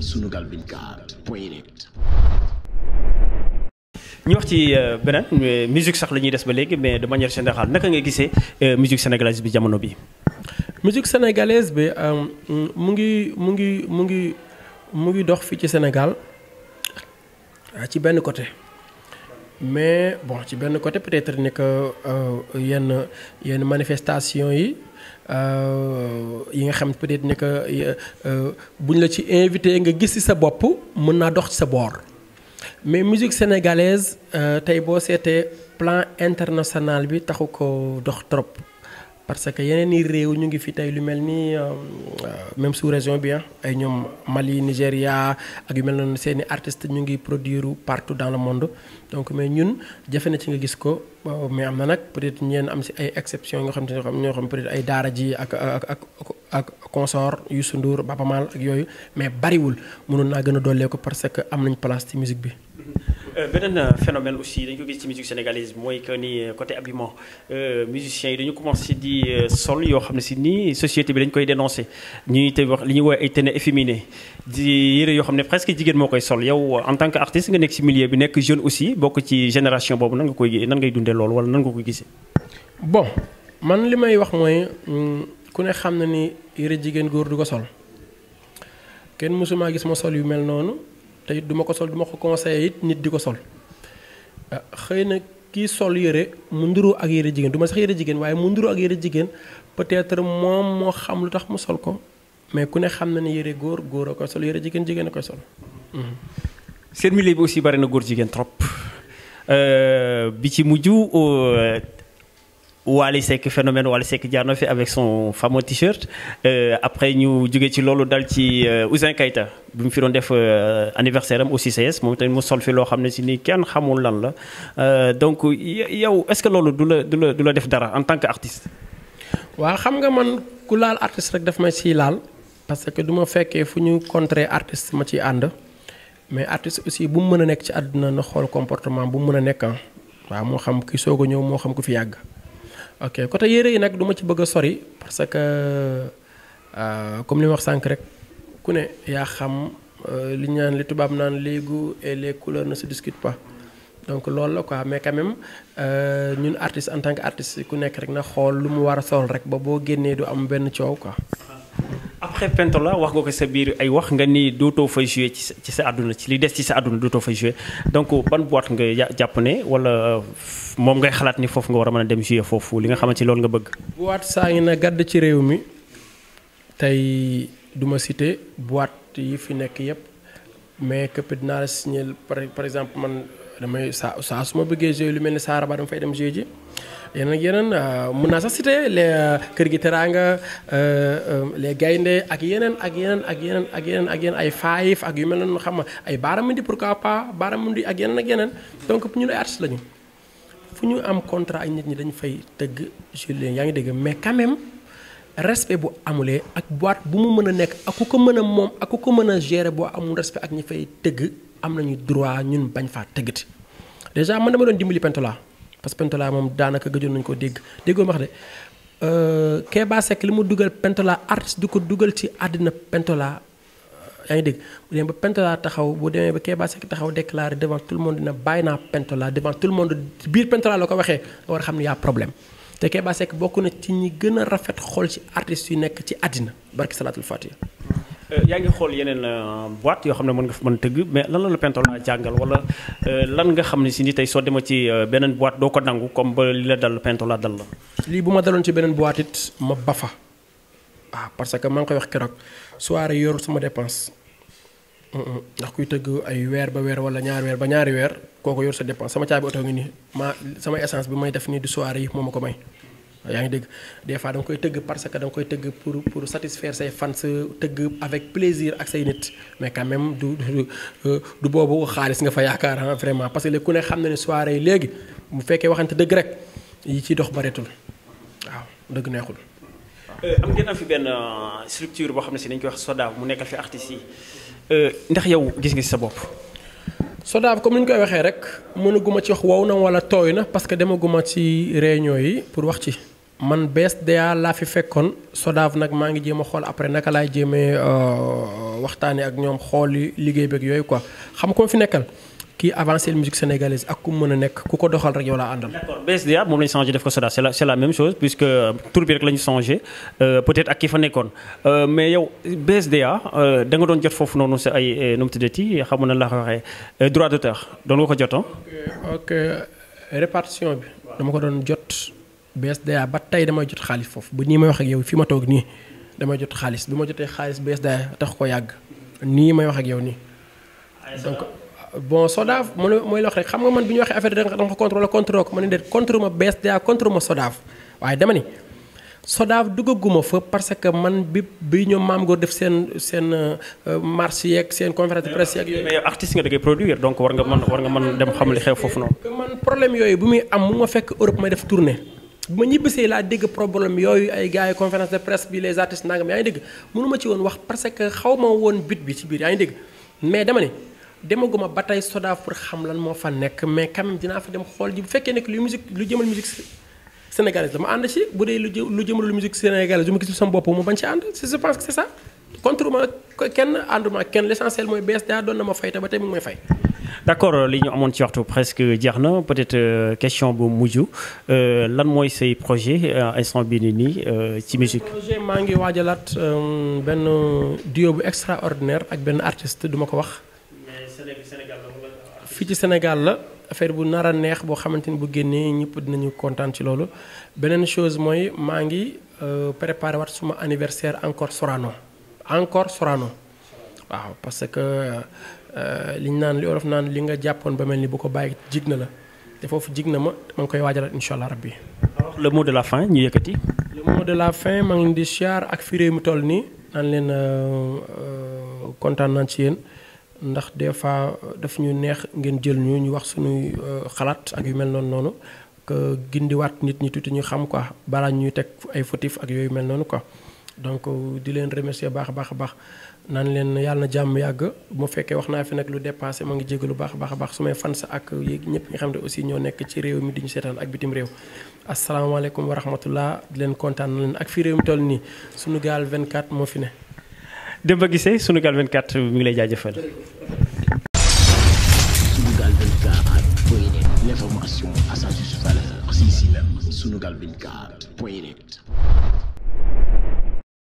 Sunugal 24 ñu wax ci euh, beneen musique sax la ñuy des ba léegi mais de manière générale naka nga gisee euh, musique sénégalaise bi jamono bi musique sénégalaise bi euh, mu ngi mu ngi mu ngi mu ngi dox fii ci Sénégal ah, ci benn côté mais bon ci benn côté peut-être ni que euh, yenn yenn manifestation yi euh, yi nga xam peut-être ni que euh, buñ la ci invité nga gis ci sa bopp mën naa dox ci sa boor mais musique sénégalaise tey boo seetee plan international bi taxu ko dox trop parce que yeneen i réew ñu ngi fi tey lu mel ni euh, euh, même sous région bi ah, ay ñoom Mali Nigéria ak yu mel noonu seen i artistes ñu ngi produire partout dans le monde donc mais ñun jafe na ci nga gis ko euh, mais am na nag peut-être ñeen am si ay exception nga xam te ñoo xam peut-être ay daara ji ak ak ak ak consort Youssou Ndour Baaba ak yooyu mais bariwul mënoon naa gën a dollee ko parce que am nañ place ci musique bi. Euh, beneen euh, phénomène aussi dañ ko gis ci musique sénégalaise mooy que ni euh, côté habillement musiciens yi dañu commencé di sol yoo xam ne si nii société bi dañ koy dénoncé ñuy te wax li ñu woowee ay tenues efféminées di yére yoo xam ne presque jigéen moo koy sol yow en tant que artiste nga nekk si milieu bi nekk jeune aussi bokk ci génération boobu nan nga koy nan ngay dundee loolu wala nan nga koy gisee. bon man li may wax mooy mm, ku ne xam na ni yére jigéen góor du ko sol mësumaa gis ma sol yu mel noonu. te it du ko sol du ma ko conseillé it nit di ko sol ah, xëy na kii sol yére mu nduru ak yére jigéen duma sax yére jigéen waaye mu nduru ak yére jigéen peut-être moom moo xam lu tax mu sol ko mais ku ne xam na ne yére góor góor a koy sol yére jigéen jigéen a koy sol. Mhm. seen milieu bi aussi bari na góor jigéen trop euh, bi ci mujj. Euh, Wally sekk phénomène Wally Seck jaar na fi avec son fameux t-shirt euh, après ñu jóge ci loolu dal ci euh, Ouzin Keita bi mu fi doon def euh, anniversaire am aussi CICES moom tamit mu sol fi loo xam ne si nii kenn xamul lan la donc yow est-ce que loolu du la du la du la def dara en tant qu'artiste. waaw xam nga man ku laal artiste rek ma siy laal parce que du ma fekkee fu ñu contrer artiste ma ci ànd mais artiste aussi bu mu mën a nekk ci àdduna na xool comportement bu mu mën a nekk ah. waaw moo xam ki soog a ñëw moo xam ku fi yàgg. ok côté yére yi nag duma ci bëgg a sori parce que euh, comme li wax sànq rek ku ne yaa xam euh, li ñu naan li tubaab naan les goûts et les couleurs ne pas donc loolu la ko mais quand même euh, ñun artiste en tant que artiste ku nekk rek na xool lu mu war a sol rek ba boo génnee du am benn coow quoi. après Pentola wax nga ko sa biir ay wax nga ni dootoo fay joué ci ci sa àdduna ci li des ci sa àdduna dootoo fay joué donc ban boîte nga jàpp ne wala moom ngay xalaat ni foofu nga war a mën a dem joué foofu li nga xamante ni lool nga bëgg. boîte saa ngi na gàdd ci réew mi tey du ma cité boîte yi fi nekk yëpp mais képp dinaa la par exemple man. damay saa saa su ma bëggee jouer lu mel ni Saaraba dama fay dem jouer ji yeneen ak yeneen ah, mun naa sax les euh, kër gi teraanga euh, euh, les gaynde ak yeneen ak yeneen ak yeneen ak yeneen ak yeneen ay faayif ak yu mel noonu xam nga ay baaramundi pourquoi pas baaramundi ak yeneen ak yeneen donc ñun ay artistes lañu fu ñu am contrat ak nit ñi dañu fay tëgg jouer yaa ngi dégg mais quand même. respect bu amulee ak boîte bu mu mën a nekk ak ku ko mën a moom ak ku ko mën a gérer boo amul respect ak ñi fay tëgg am nañu droit ñun bañ faa tëggati dèjà man dama doon dimbali Pentola parce que Pentola moom daanaka gëjoon nañu koo dégg déggoo ma wax de euh, Keba Seck li mu dugal Pentola artiste di ko dugal ci àddina Pentola yaa ngi dégg bu demee ba Pentola taxaw bu demee ba Keba Seck taxaw déclaré devant tout le monde na bàyyi naa Pentola devant tout le monde biir Pentola la ko waxee nga war a xam ne yaa problème te Keba Seck bokk na ci ñi gën a rafet xol ci artistes yu nekk ci àddina barki salaatul fatiha Euh, yaa ngi xool yeneen euh, boîte yoo xam ne mën nga fa mën tëgg mais lan la la Pentola jàngal wala euh, lan nga xam ne si ni tey soo demee ci beneen boîte doo ko nangu comme ba li la dal Pentola dal la. lii bu ma daloon ci beneen boîte it ma bafa ah parce que maa ngi koy wax keroog soirée yoru sama dépense ndax kuy tëgg ay weer ba weer wala ñaari weer ba ñaari weer kooku yor sa dépense sama caabi oto ngi nii ma sama essence bi may def nii du soirée moo ko may. yaa ngi dégg des fois da koy tëgg parce que da koy tëgg pour pour satisfaire say fans tëgg avec plaisir ak say nit mais quand même du du euh, boobu xaalis nga fa yaakaar a vraiment parce que ku ne xam na ne soirée yi léegi bu fekkee waxante dëgg rek yi ciy dox bareetul waaw dëgg neexul. Euh, am ngeen am fi benn euh, structure boo xam ne si dañ koy wax SODAV mu nekkal fi artistes yi ndax yow gis nga si sa bopp. SODAV comme ni ñu koy waxee rek mënaguma ci wax wow na wala tooy na parce que demaguma ci réunion yi pour wax ci. man bees daya laa fi fekkoon sodaaf nag maa ngi jéem a xool après naka laay jéemee euh, waxtaanee ak ñoom xooli liggéey beeg yooyu quoi xam koo fi nekkal kii avancé musique sénégalaise ak ku mën a nekk ku ko doxal rek yow laa àndal. bees daya moom la ñu changé def ko sodaaf c'est la c'est la même chose puisque euh, tur bi rek la ñu euh, peut-être ak ki fa nekkoon mais yow bees daya da nga doon jot foofu noonu sa ay nu mu ti xamu na laa ko waxee droit d'auteur doon nga ko jot répartition bi dama ko doon jot. BSDA ba tey damay jot xaalis foofu ba nii may wax ak yow fi ma toog nii damay jot xaalis bi ma jotee xaalis BSDA tax ko yàgg nii may wax ak yow nii. donc bon SODAV mooy mooy la wax rek xam nga man bi ñu waxee affaire da nga ko contrôlé contrôlé ko ma ne contre ma BSDA contre ma SODAV waaye dama ni SODAV duggaguma fa parce que man bi bi ñoom maam góor def seen seen euh, marché yeeg seen conférence de presse yeeg yooyu. mais yow artiste nga da ngay produire donc war nga mën dem xam li xew foofu noonu. man problème yooyu bu muy am mu ma fekk Europe may def tournée. bu ma ñibbisee laa dégg problème yooyu ay gars yi conférence de presse bi les artistes nangam yaa ngi dégg mënu ci woon wax parce que xaw ma woon bit bi ci biir yaa ngi dégg mais dama ne demaguma ba tey Sodav pour xam lan moo fa nekk mais quand dinaa fa dem xool ji bu fekkee nekk lu musique lu jëmal musique sénégalaise la ma ànd ci bu dee lu jë lu jëmal musique sénégalaise lu ma gisul sama bopp mu bañ ci ànd je pense que c'est ça contre ma kenn ànduma kenn l'essentiel na ma fay te ba tey mu ngi fay. d' accord euh, li ñu amoon ci waxtu presque jeex na peut être euh, question bu mujj euh, lan mooy say projet instant bii nii ci musique. maa ngi waajalaat benn duo bu extraordinaire ak benn artiste duma ko wax. fii ci Sénégal la affaire bu nar a neex boo xamante ni bu génnee ñëpp dinañu kontaan ci loolu beneen chose mooy maa ngi préparé waat suma anniversaire encore Sorano encore Sorano waaw parce que. Euh, liñ naan li olof naan li nga jàppoon ba mel ni bu ko bàyyi jig na la te foofu jig na ma maa koy waajalaat incha allah bi alors de la fin ñu yëkkati. le de la fin maa leen di siyaar ak fi réew mi toll nii naan leen euh, euh, kontaan naa ci yéen ndax des fois daf ñu neex ngeen jël ñu ñu wax suñuy xalaat ak yu mel noonu noonu que gindiwaat nit ñi tuuti ñu xam ko balaa ñuy teg ay fautif ak yooyu mel noonu ko donc euh, di leen remercier baax a baax a baax naan leen yàlla na jàmm yàgg mu fekkee wax naa fi nag lu dépassé moo ngi jégalu baax a baax a baax su may fan sa ak yéeg ñëpp nga xam ne aussi ñoo nekk ci réew mi di ñu seetaan ak bitim réew asalaamaaleykum wa rahmatullah di leen kontaan na leen ak fii réew mi toll nii sunu gaal 24 moo fi ne. Demba Guissé sunu gaal 24 mi ngi lay jaajëfal. sunu gaal 24